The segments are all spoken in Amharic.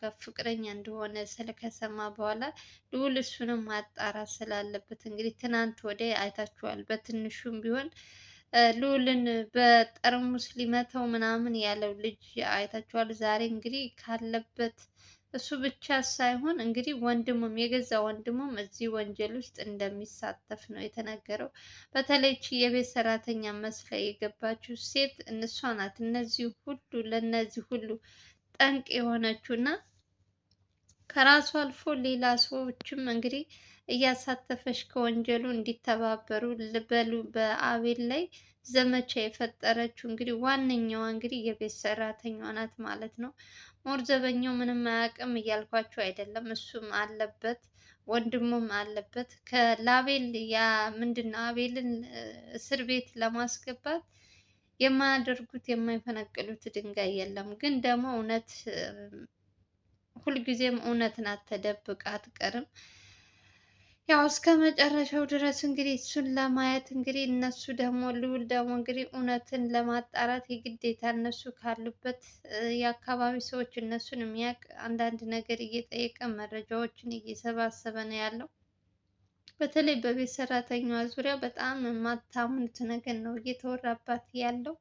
ጋር ፍቅረኛ እንደሆነ ስለከሰማ በኋላ ልዑል እሱንም ማጣራት ስላለበት እንግዲህ ትናንት ወደ አይታችኋል። በትንሹም ቢሆን ልዑልን በጠርሙስ ሊመተው ምናምን ያለው ልጅ አይታችኋል። ዛሬ እንግዲህ ካለበት እሱ ብቻ ሳይሆን እንግዲህ ወንድሙም የገዛ ወንድሙም እዚህ ወንጀል ውስጥ እንደሚሳተፍ ነው የተነገረው። በተለይ የቤት ሰራተኛ መስላ የገባችው ሴት እንሷ ናት እነዚህ ሁሉ ለእነዚህ ሁሉ ጠንቅ የሆነችው እና ከራሱ አልፎ ሌላ ሰዎችም እንግዲህ እያሳተፈች ከወንጀሉ እንዲተባበሩ ልበሉ በአቤል ላይ ዘመቻ የፈጠረችው እንግዲህ ዋነኛዋ እንግዲህ የቤት ሰራተኛዋ ናት ማለት ነው። ሞር ዘበኛው ምንም አያውቅም እያልኳቸው አይደለም፣ እሱም አለበት፣ ወንድሙም አለበት። ከላቤል ያ ምንድን ነው አቤልን እስር ቤት ለማስገባት የማያደርጉት የማይፈነቅሉት ድንጋይ የለም። ግን ደግሞ እውነት ሁልጊዜም እውነት ናት፣ ተደብቃ አትቀርም። ያው እስከ መጨረሻው ድረስ እንግዲህ እሱን ለማየት እንግዲህ እነሱ ደግሞ ልዑል ደግሞ እንግዲህ እውነትን ለማጣራት የግዴታ እነሱ ካሉበት የአካባቢ ሰዎች እነሱን የሚያውቅ አንዳንድ ነገር እየጠየቀ መረጃዎችን እየሰባሰበ ነው ያለው። በተለይ በቤት ሰራተኛዋ ዙሪያ በጣም የማታምኑት ነገር ነው እየተወራባት ያለው።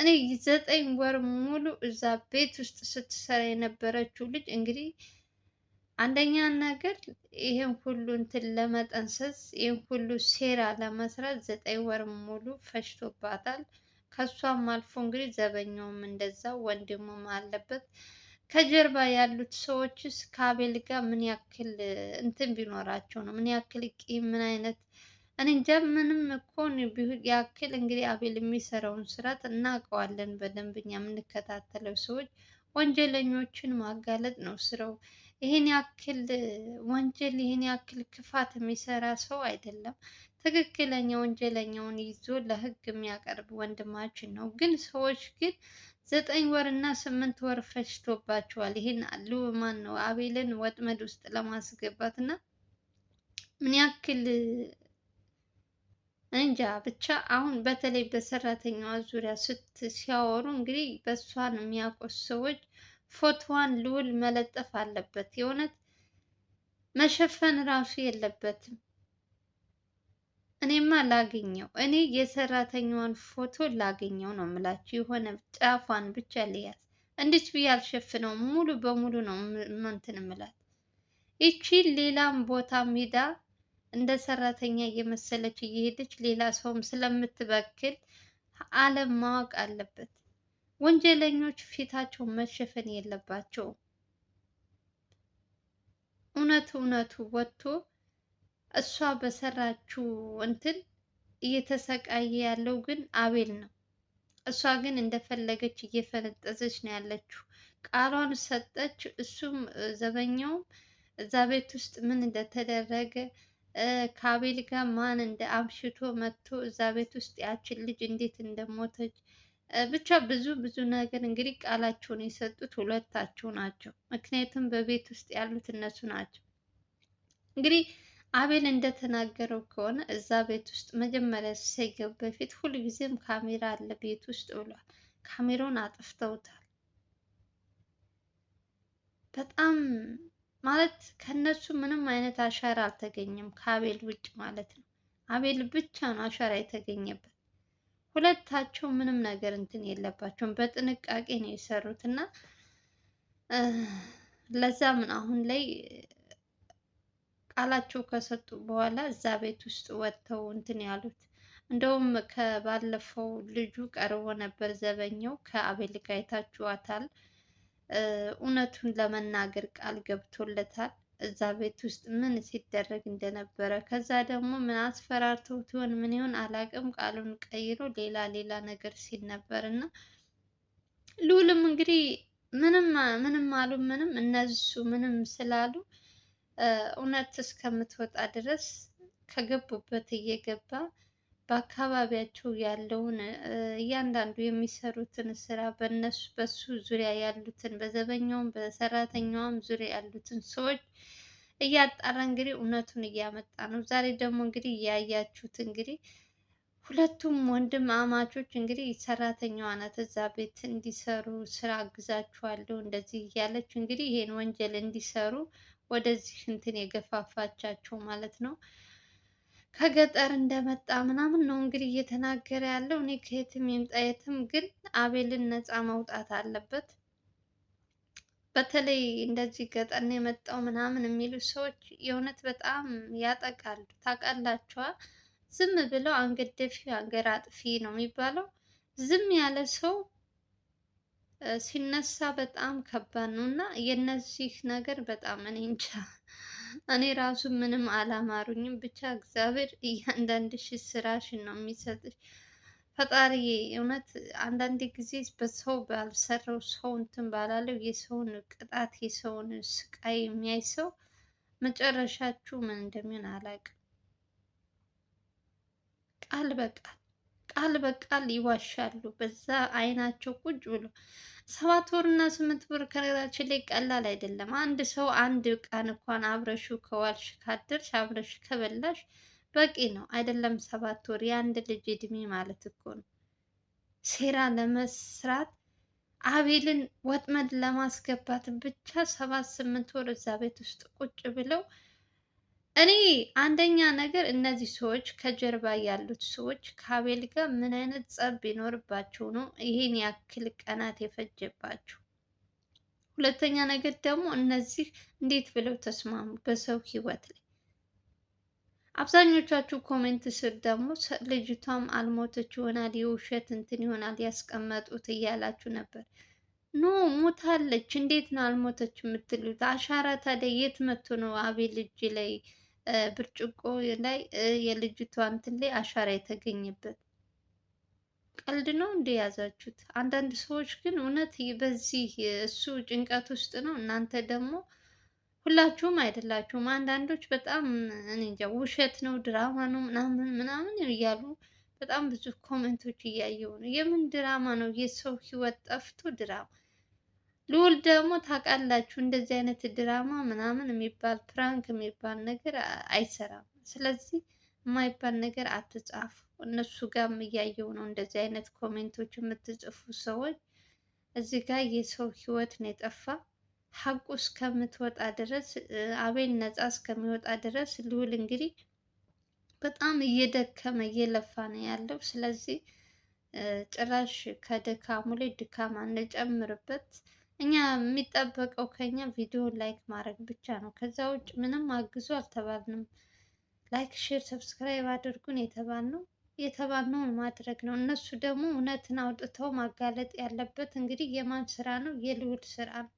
እኔ ዘጠኝ ወር ሙሉ እዛ ቤት ውስጥ ስትሰራ የነበረችው ልጅ እንግዲህ አንደኛ ነገር ይህን ሁሉ እንትን ለመጠንሰስ ይህን ሁሉ ሴራ ለመስራት ዘጠኝ ወር ሙሉ ፈጅቶባታል። ከሷም አልፎ እንግዲህ ዘበኛውም እንደዛ ወንድሙም አለበት። ከጀርባ ያሉት ሰዎችስ ከአቤል ጋር ምን ያክል እንትን ቢኖራቸው ነው? ምን ያክል ቂም፣ ምን አይነት እኔ እንጃ። ምንም እኮ ያክል እንግዲህ አቤል የሚሰራውን ስራ እናውቀዋለን በደንብ እኛ የምንከታተለው ሰዎች። ወንጀለኞችን ማጋለጥ ነው ስራው። ይህን ያክል ወንጀል፣ ይህን ያክል ክፋት የሚሰራ ሰው አይደለም። ትክክለኛ ወንጀለኛውን ይዞ ለህግ የሚያቀርብ ወንድማችን ነው። ግን ሰዎች ግን ዘጠኝ ወር እና ስምንት ወር ፈጅቶባቸዋል። ይህን ማን ነው አቤልን ወጥመድ ውስጥ ለማስገባት እና ምን ያክል እንጃ ብቻ። አሁን በተለይ በሰራተኛዋ ዙሪያ ስት ሲያወሩ እንግዲህ በእሷን የሚያውቁት ሰዎች ፎቶዋን ልዑል መለጠፍ አለበት። የእውነት መሸፈን ራሱ የለበትም። እኔማ ላገኘው እኔ የሰራተኛዋን ፎቶ ላገኘው ነው የምላችሁ። የሆነ ጫፏን ብቻ ልያዝ። እንዲች ብዬ አልሸፍነው ሙሉ በሙሉ ነው እንትን ምላት። ይቺ ሌላም ቦታ ሜዳ እንደ ሰራተኛ እየመሰለች እየሄደች ሌላ ሰውም ስለምትበክል ዓለም ማወቅ አለበት። ወንጀለኞች ፊታቸው መሸፈን የለባቸውም። እውነት እውነቱ ወጥቶ እሷ በሰራችው እንትን እየተሰቃየ ያለው ግን አቤል ነው። እሷ ግን እንደፈለገች እየፈነጠዘች ነው ያለችው። ቃሏን ሰጠች። እሱም ዘበኛውም እዛ ቤት ውስጥ ምን እንደተደረገ ከአቤል ጋር ማን እንደ አምሽቶ መጥቶ እዛ ቤት ውስጥ ያችን ልጅ እንዴት እንደሞተች ብቻ ብዙ ብዙ ነገር እንግዲህ ቃላቸውን የሰጡት ሁለታቸው ናቸው። ምክንያቱም በቤት ውስጥ ያሉት እነሱ ናቸው እንግዲህ አቤል እንደተናገረው ከሆነ እዛ ቤት ውስጥ መጀመሪያ ሳይገቡ በፊት ሁልጊዜም ካሜራ አለ ቤት ውስጥ ብሏል። ካሜራውን አጥፍተውታል። በጣም ማለት ከነሱ ምንም አይነት አሻራ አልተገኘም፣ ከአቤል ውጭ ማለት ነው። አቤል ብቻ ነው አሻራ የተገኘበት። ሁለታቸው ምንም ነገር እንትን የለባቸውም። በጥንቃቄ ነው የሰሩት እና ምን አሁን ላይ ቃላቸው ከሰጡ በኋላ እዛ ቤት ውስጥ ወጥተው እንትን ያሉት። እንደውም ከባለፈው ልጁ ቀርቦ ነበር ዘበኛው ከአቤል ጋር አይታችኋታል። እውነቱን ለመናገር ቃል ገብቶለታል። እዛ ቤት ውስጥ ምን ሲደረግ እንደነበረ ከዛ ደግሞ ምን አስፈራርተውት ይሆን ምን ይሆን አላቅም፣ ቃሉን ቀይሮ ሌላ ሌላ ነገር ሲል ነበር እና ልዑልም እንግዲህ ምንም ምንም አሉ ምንም እነሱ ምንም ስላሉ እውነት እስከምትወጣ ድረስ ከገቡበት እየገባ በአካባቢያቸው ያለውን እያንዳንዱ የሚሰሩትን ስራ በነሱ በሱ ዙሪያ ያሉትን በዘበኛውም በሰራተኛውም ዙሪያ ያሉትን ሰዎች እያጣራ እንግዲህ እውነቱን እያመጣ ነው። ዛሬ ደግሞ እንግዲህ እያያችሁት እንግዲህ ሁለቱም ወንድም አማቾች እንግዲህ ሰራተኛዋ ናት እዛ ቤት እንዲሰሩ ስራ አግዛችኋለሁ እንደዚህ እያለች እንግዲህ ይሄን ወንጀል እንዲሰሩ ወደዚህ እንትን የገፋፋቻቸው ማለት ነው። ከገጠር እንደመጣ ምናምን ነው እንግዲህ እየተናገረ ያለው። እኔ ከየትም ይምጣ የትም ግን አቤልን ነፃ መውጣት አለበት። በተለይ እንደዚህ ገጠር ነው የመጣው ምናምን የሚሉ ሰዎች የእውነት በጣም ያጠቃሉ። ታውቃላችኋ፣ ዝም ብለው አንገት ደፊ አጥፊ ነው የሚባለው። ዝም ያለ ሰው ሲነሳ በጣም ከባድ ነው እና የነዚህ ነገር በጣም እኔ እንጃ እኔ ራሱ ምንም አላማሩኝም። ብቻ እግዚአብሔር እያንዳንድሽ ስራሽን ነው የሚሰጥሽ ፈጣሪ። እውነት አንዳንድ ጊዜ በሰው ባልሰራው ሰው እንትን ባላለው የሰውን ቅጣት የሰውን ስቃይ የሚያይ ሰው መጨረሻችሁ ምን እንደሚሆን አላውቅም። ቃል በቃል ቃል በቃል ይዋሻሉ። በዛ አይናቸው ቁጭ ብሎ ሰባት ወር እና ስምንት ብር ከነገራችን ላይ ቀላል አይደለም። አንድ ሰው አንድ ቀን እንኳን አብረሹ ከዋልሽ ካደርሽ አብረሽ ከበላሽ በቂ ነው አይደለም? ሰባት ወር የአንድ ልጅ እድሜ ማለት እኮ ነው። ሴራ ለመስራት አቤልን ወጥመድ ለማስገባት ብቻ ሰባት ስምንት ወር እዛ ቤት ውስጥ ቁጭ ብለው እኔ አንደኛ ነገር እነዚህ ሰዎች ከጀርባ ያሉት ሰዎች ከአቤል ጋር ምን አይነት ጸብ ቢኖርባቸው ነው ይህን ያክል ቀናት የፈጀባቸው? ሁለተኛ ነገር ደግሞ እነዚህ እንዴት ብለው ተስማሙ በሰው ህይወት ላይ? አብዛኞቻችሁ ኮሜንት ስር ደግሞ ልጅቷም አልሞተች ይሆናል የውሸት እንትን ይሆናል ያስቀመጡት እያላችሁ ነበር። ኖ ሞታለች። እንዴት ነው አልሞተች የምትሉት? አሻራ ታዲያ የት መቶ ነው አቤል እጅ ላይ ብርጭቆ ላይ የልጅቷ እንትን ላይ አሻራ የተገኘበት ቀልድ ነው እንዴ ያዛችሁት። አንዳንድ ሰዎች ግን እውነት በዚህ እሱ ጭንቀት ውስጥ ነው። እናንተ ደግሞ ሁላችሁም አይደላችሁም። አንዳንዶች በጣም እኔ እንጃ ውሸት ነው ድራማ ነው ምናምን ምናምን እያሉ በጣም ብዙ ኮመንቶች እያየሁ ነው። የምን ድራማ ነው? የሰው ህይወት ጠፍቶ ድራማ ልዑል ደግሞ ታውቃላችሁ እንደዚህ አይነት ድራማ ምናምን የሚባል ፕራንክ የሚባል ነገር አይሰራም። ስለዚህ የማይባል ነገር አትጻፉ። እነሱ ጋር እያየው ነው እንደዚህ አይነት ኮሜንቶች የምትጽፉ ሰዎች። እዚህ ጋር የሰው ህይወት ነው የጠፋ። ሀቁ እስከምትወጣ ድረስ አቤል ነፃ እስከሚወጣ ድረስ ልዑል እንግዲህ በጣም እየደከመ እየለፋ ነው ያለው። ስለዚህ ጭራሽ ከድካሙ ላይ ድካም አንጨምርበት። እኛ የሚጠበቀው ከኛ ቪዲዮ ላይክ ማድረግ ብቻ ነው። ከዛ ውጭ ምንም አግዙ አልተባልንም። ላይክ፣ ሼር፣ ሰብስክራይብ አድርጉን የተባልነው የተባልነውን ማድረግ ነው። እነሱ ደግሞ እውነትን አውጥተው ማጋለጥ ያለበት እንግዲህ የማን ስራ ነው? የልዑል ስራ ነው።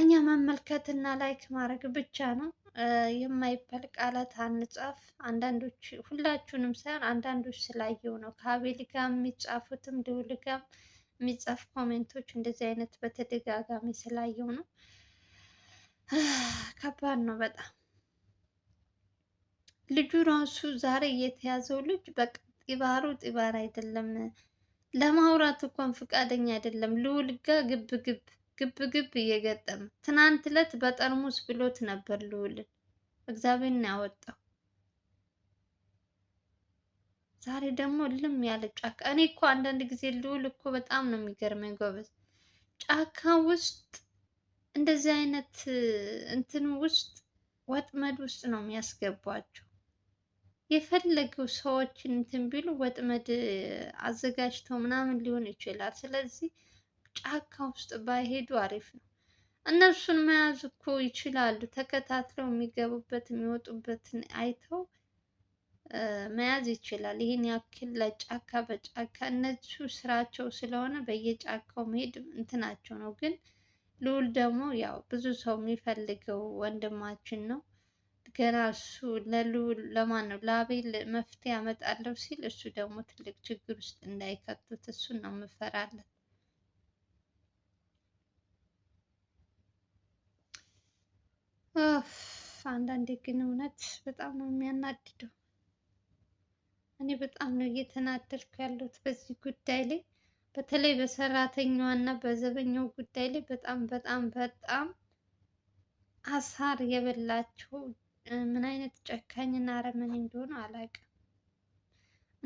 እኛ መመልከትና ላይክ ማድረግ ብቻ ነው። የማይባል ቃላት አንጻፍ። አንዳንዶች ሁላችሁንም ሳይሆን አንዳንዶች ስላየው ነው ከአቤል ጋር የሚጻፉትም ልዑል ጋርም የሚጻፍ ኮሜንቶች እንደዚህ አይነት በተደጋጋሚ ስላየው ነው። ከባድ ነው በጣም ልጁ ራሱ ዛሬ የተያዘው ልጅ በቃ ጢባሩ ጢባር አይደለም፣ ለማውራት እንኳን ፈቃደኛ አይደለም። ልውልጋ ጋ ግብ ግብ ግብ ግብ እየገጠመ ትናንት ዕለት በጠርሙስ ብሎት ነበር ልውልን እግዚአብሔር ነው ያወጣው። ዛሬ ደግሞ ልም ያለ ጫካ። እኔ እኮ አንዳንድ ጊዜ ልዑል እኮ በጣም ነው የሚገርመኝ ጎበዝ። ጫካ ውስጥ እንደዚህ አይነት እንትን ውስጥ ወጥመድ ውስጥ ነው የሚያስገቧቸው። የፈለገው ሰዎች እንትን ቢሉ ወጥመድ አዘጋጅተው ምናምን ሊሆን ይችላል። ስለዚህ ጫካ ውስጥ ባይሄዱ አሪፍ ነው። እነሱን መያዝ እኮ ይችላሉ። ተከታትለው የሚገቡበት የሚወጡበትን አይተው መያዝ ይችላል። ይህን ያክል ለጫካ በጫካ እነሱ ስራቸው ስለሆነ በየጫካው መሄድ እንትናቸው ነው። ግን ልዑል ደግሞ ያው ብዙ ሰው የሚፈልገው ወንድማችን ነው። ገና እሱ ለልዑል ለማን ነው ለአቤል መፍትሄ አመጣለሁ ሲል እሱ ደግሞ ትልቅ ችግር ውስጥ እንዳይከቱት እሱን ነው የምፈራለን። አንዳንዴ ግን እውነት በጣም ነው የሚያናድደው። እኔ በጣም ነው እየተናደድኩ ያለሁት በዚህ ጉዳይ ላይ በተለይ በሰራተኛዋ እና በዘበኛው ጉዳይ ላይ በጣም በጣም በጣም አሳር የበላቸው ምን አይነት ጨካኝ እና አረመኔ እንደሆኑ አላውቅም።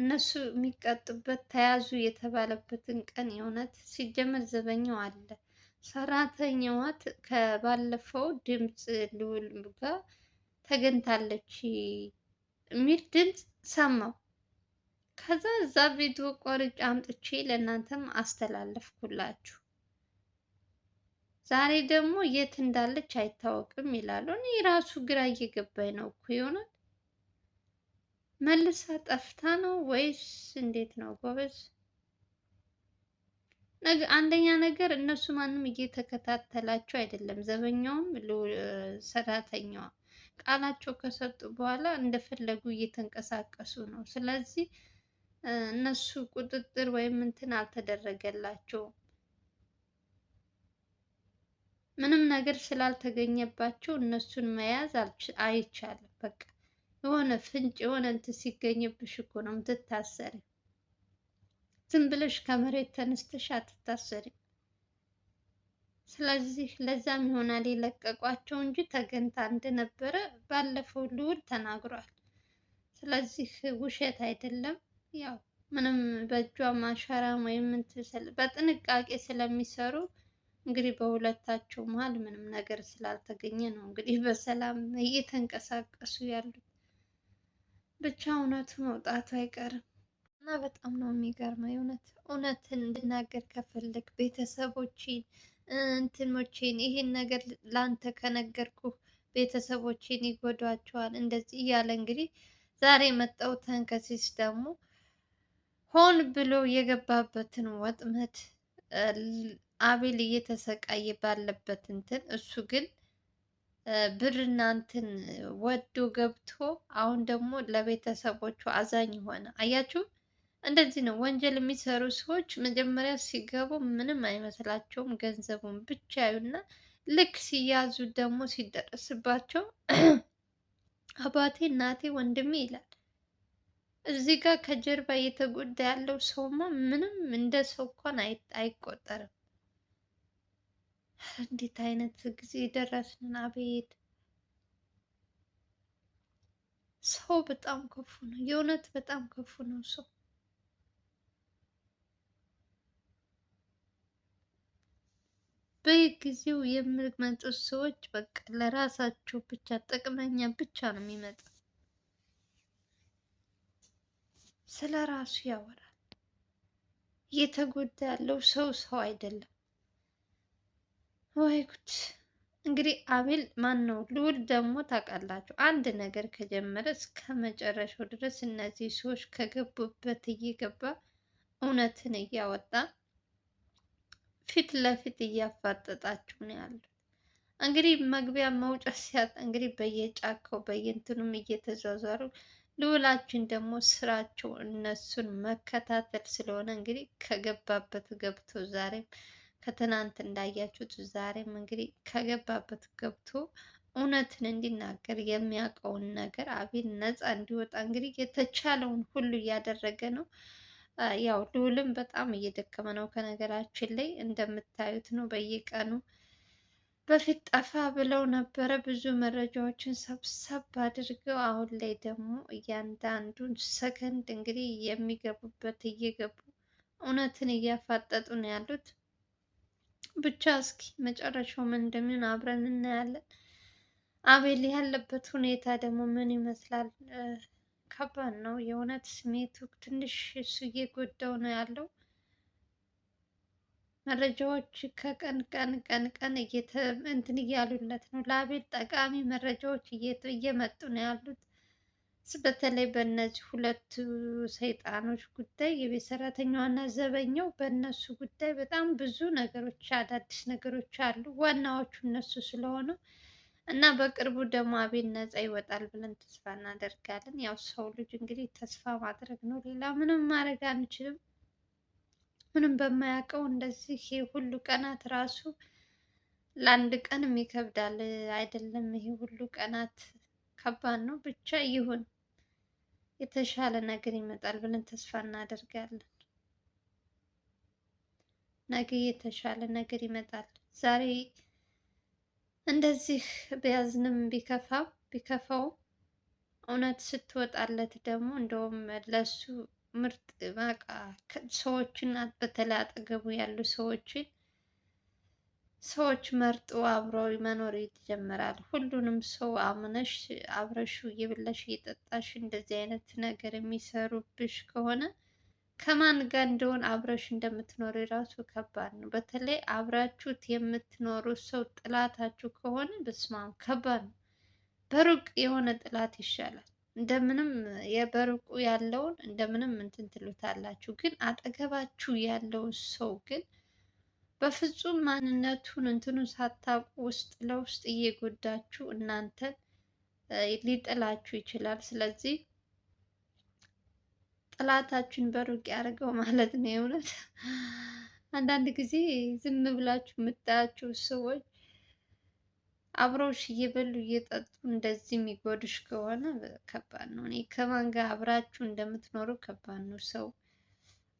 እነሱ የሚቀጡበት ተያዙ የተባለበትን ቀን የእውነት ሲጀመር ዘበኛው አለ። ሰራተኛዋ ከባለፈው ድምፅ ልውል ጋር ተገኝታለች የሚል ድምፅ ሰማው። ከዛ እዛ ቪዲዮ ቆርጬ አምጥቼ ለእናንተም አስተላለፍኩላችሁ። ዛሬ ደግሞ የት እንዳለች አይታወቅም ይላሉ። እኔ ራሱ ግራ እየገባኝ ነው እኮ ይሆናል መልሳ ጠፍታ ነው ወይስ እንዴት ነው ጎበዝ? አንደኛ ነገር እነሱ ማንም እየተከታተላቸው አይደለም። ዘበኛውም ሰራተኛዋ ቃላቸው ከሰጡ በኋላ እንደፈለጉ እየተንቀሳቀሱ ነው። ስለዚህ እነሱ ቁጥጥር ወይም እንትን አልተደረገላቸውም። ምንም ነገር ስላልተገኘባቸው እነሱን መያዝ አይቻልም። በቃ የሆነ ፍንጭ የሆነ እንትን ሲገኝብሽ እኮ ነው የምትታሰሪ። ዝም ብለሽ ከመሬት ተነስተሽ አትታሰሪ። ስለዚህ ለዛም ይሆናል የለቀቋቸው እንጂ ተገንታ እንደነበረ ባለፈው ልውል ተናግሯል። ስለዚህ ውሸት አይደለም። ያው ምንም በእጇ ማሸራ ወይም በጥንቃቄ ስለሚሰሩ እንግዲህ በሁለታቸው መሀል ምንም ነገር ስላልተገኘ ነው እንግዲህ በሰላም እየተንቀሳቀሱ ያሉት። ብቻ እውነቱ መውጣቱ አይቀርም እና በጣም ነው የሚገርመው። የእውነት እውነት እንድናገር ከፈለግ ቤተሰቦቼን እንትኖቼን ይሄን ነገር ላንተ ከነገርኩ ቤተሰቦቼን ይጎዷቸዋል እንደዚህ እያለ እንግዲህ ዛሬ መጣው ተንከሲስ ደግሞ ሆን ብሎ የገባበትን ወጥመድ አቤል እየተሰቃየ ባለበት እንትን እሱ ግን ብር ወዶ ገብቶ አሁን ደግሞ ለቤተሰቦቹ አዛኝ ሆነ። አያችሁ፣ እንደዚህ ነው ወንጀል የሚሰሩ ሰዎች መጀመሪያ ሲገቡ ምንም አይመስላቸውም፣ ገንዘቡን ብቻ ያዩና ልክ ሲያዙ ደግሞ ሲደረስባቸው አባቴ እናቴ ወንድሜ ይላል። እዚህ ጋር ከጀርባ እየተጎዳ ያለው ሰውማ ምንም እንደ ሰው እንኳን አይቆጠርም። እንዴት አይነት ጊዜ ደረስን! አቤት ሰው በጣም ክፉ ነው። የእውነት በጣም ክፉ ነው ሰው። በየጊዜው የምመጡት ሰዎች በቃ ለራሳቸው ብቻ ጥቅመኛ ብቻ ነው የሚመጣው። ስለ ራሱ ያወራል። እየተጎዳ ያለው ሰው ሰው አይደለም። ወይ ጉድ! እንግዲህ አቤል ማን ነው? ልዑል ደግሞ ታውቃላችሁ፣ አንድ ነገር ከጀመረ እስከ መጨረሻው ድረስ እነዚህ ሰዎች ከገቡበት እየገባ እውነትን እያወጣ ፊት ለፊት እያፋጠጣችሁ ነው ያሉት። እንግዲህ መግቢያ መውጫ ሲያጣ እንግዲህ በየጫካው በየእንትኑም እየተዟዟሩ ልውላችን ደግሞ ስራቸው እነሱን መከታተል ስለሆነ እንግዲህ ከገባበት ገብቶ ዛሬም ከትናንት እንዳያችሁት ዛሬም እንግዲህ ከገባበት ገብቶ እውነትን እንዲናገር የሚያውቀውን ነገር አቤል ነፃ እንዲወጣ እንግዲህ የተቻለውን ሁሉ እያደረገ ነው። ያው ልዑልም በጣም እየደከመ ነው። ከነገራችን ላይ እንደምታዩት ነው በየቀኑ በፊት ጠፋ ብለው ነበረ። ብዙ መረጃዎችን ሰብሰብ አድርገው አሁን ላይ ደግሞ እያንዳንዱን ሰከንድ እንግዲህ የሚገቡበት እየገቡ እውነትን እያፋጠጡ ነው ያሉት። ብቻ እስኪ መጨረሻው ምን እንደሚሆን አብረን እናያለን። አቤል ያለበት ሁኔታ ደግሞ ምን ይመስላል? ከባድ ነው የእውነት ስሜቱ ትንሽ እሱ እየጎዳው ነው ያለው። መረጃዎች ከቀን ቀን ቀን ቀን እንትን እያሉለት ነው። ለአቤል ጠቃሚ መረጃዎች እየመጡ ነው ያሉት። በተለይ በእነዚህ ሁለቱ ሰይጣኖች ጉዳይ የቤት ሰራተኛዋና ዘበኛው በእነሱ ጉዳይ በጣም ብዙ ነገሮች አዳዲስ ነገሮች አሉ። ዋናዎቹ እነሱ ስለሆኑ እና በቅርቡ ደግሞ አቤል ነፃ ይወጣል ብለን ተስፋ እናደርጋለን። ያው ሰው ልጅ እንግዲህ ተስፋ ማድረግ ነው፣ ሌላ ምንም ማድረግ አንችልም። ምንም በማያውቀው እንደዚህ ሁሉ ቀናት ራሱ ለአንድ ቀንም ይከብዳል አይደለም። ይሄ ሁሉ ቀናት ከባድ ነው። ብቻ ይሁን የተሻለ ነገር ይመጣል ብለን ተስፋ እናደርጋለን። ነገ የተሻለ ነገር ይመጣል። ዛሬ እንደዚህ ቢያዝንም ቢከፋ ቢከፋው እውነት ስትወጣለት ደግሞ እንደውም ለሱ ምርጥ በቃ ሰዎችን በተለይ አጠገቡ ያሉ ሰዎችን ሰዎች መርጦ አብረው መኖር ይጀምራል። ሁሉንም ሰው አምነሽ አብረሹ እየበላሽ እየጠጣሽ እንደዚህ አይነት ነገር የሚሰሩብሽ ከሆነ ከማን ጋር እንደሆን አብረሽ እንደምትኖሪ ራሱ ከባድ ነው። በተለይ አብራችሁት የምትኖሩ ሰው ጥላታችሁ ከሆነ በስማም ከባድ ነው። በሩቅ የሆነ ጥላት ይሻላል። እንደምንም የበርቁ ያለውን እንደምንም እንትን ትሉታላችሁ። ግን አጠገባችሁ ያለውን ሰው ግን በፍጹም ማንነቱን እንትኑን ሳታውቁ ውስጥ ለውስጥ እየጎዳችሁ እናንተን ሊጥላችሁ ይችላል። ስለዚህ ጥላታችን በሩቅ ያደርገው ማለት ነው። የእውነት አንዳንድ ጊዜ ዝም ብላችሁ የምታያቸው ሰዎች አብረውሽ እየበሉ እየጠጡ እንደዚህ የሚጎዱሽ ከሆነ ከባድ ነው። እኔ ከማን ጋር አብራችሁ እንደምትኖረው ከባድ ነው። ሰው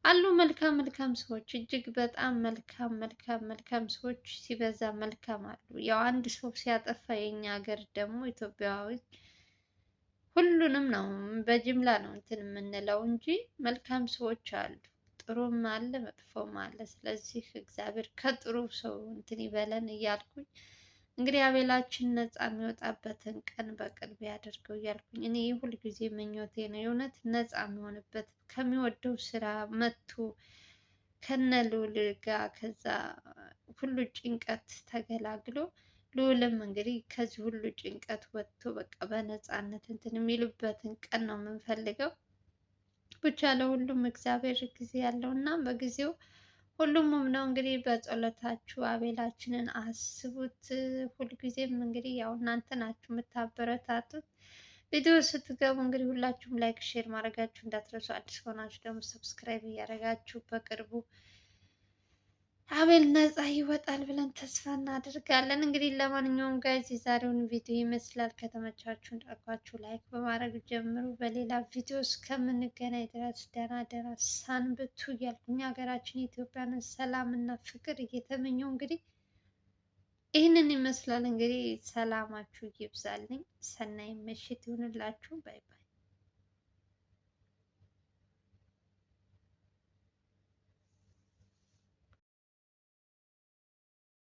አሉ መልካም መልካም ሰዎች እጅግ በጣም መልካም መልካም መልካም ሰዎች ሲበዛ መልካም አሉ። ያው አንድ ሰው ሲያጠፋ የኛ ሀገር ደግሞ ኢትዮጵያዊ ሁሉንም ነው በጅምላ ነው እንትን የምንለው እንጂ መልካም ሰዎች አሉ። ጥሩም አለ መጥፎም አለ። ስለዚህ እግዚአብሔር ከጥሩ ሰው እንትን ይበለን እያልኩኝ እንግዲህ አቤላችን ነፃ የሚወጣበትን ቀን በቅርብ ያደርገው እያልኩኝ እኔ ሁል ጊዜ ምኞቴ ነው። የእውነት ነፃ የሚሆንበት ከሚወደው ስራ መጥቶ ከነ ልዑል ጋር ከዛ ሁሉ ጭንቀት ተገላግሎ ልዑልም እንግዲህ ከዚህ ሁሉ ጭንቀት ወጥቶ በቃ በነፃነት እንትን የሚሉበትን ቀን ነው የምንፈልገው። ብቻ ለሁሉም እግዚአብሔር ጊዜ ያለውና በጊዜው ሁሉም ነው እንግዲህ በጸሎታችሁ አቤላችንን አስቡት። ሁልጊዜም እንግዲህ ያው እናንተ ናችሁ የምታበረታቱት። ቪዲዮ ስትገቡ እንግዲህ ሁላችሁም ላይክ፣ ሼር ማድረጋችሁ እንዳትረሱ። አዲስ ከሆናችሁ ደግሞ ሰብስክራይብ እያደረጋችሁ በቅርቡ አቤል ነፃ ይወጣል ብለን ተስፋ እናደርጋለን። እንግዲህ ለማንኛውም ጋይዝ የዛሬውን ቪዲዮ ይመስላል። ከተመቻችሁ እንዳልኳችሁ ላይክ በማድረግ ጀምሩ። በሌላ ቪዲዮ እስከምንገናኝ ድረስ ደህና ደህና ሳንብቱ እያልኩኝ ሀገራችን ሰላም እና ፍቅር እየተመኘው እንግዲህ ይህንን ይመስላል። እንግዲህ ሰላማችሁ ይብዛልኝ። ሰናይ ምሽት ይሁንላችሁ። ባይ ባይ።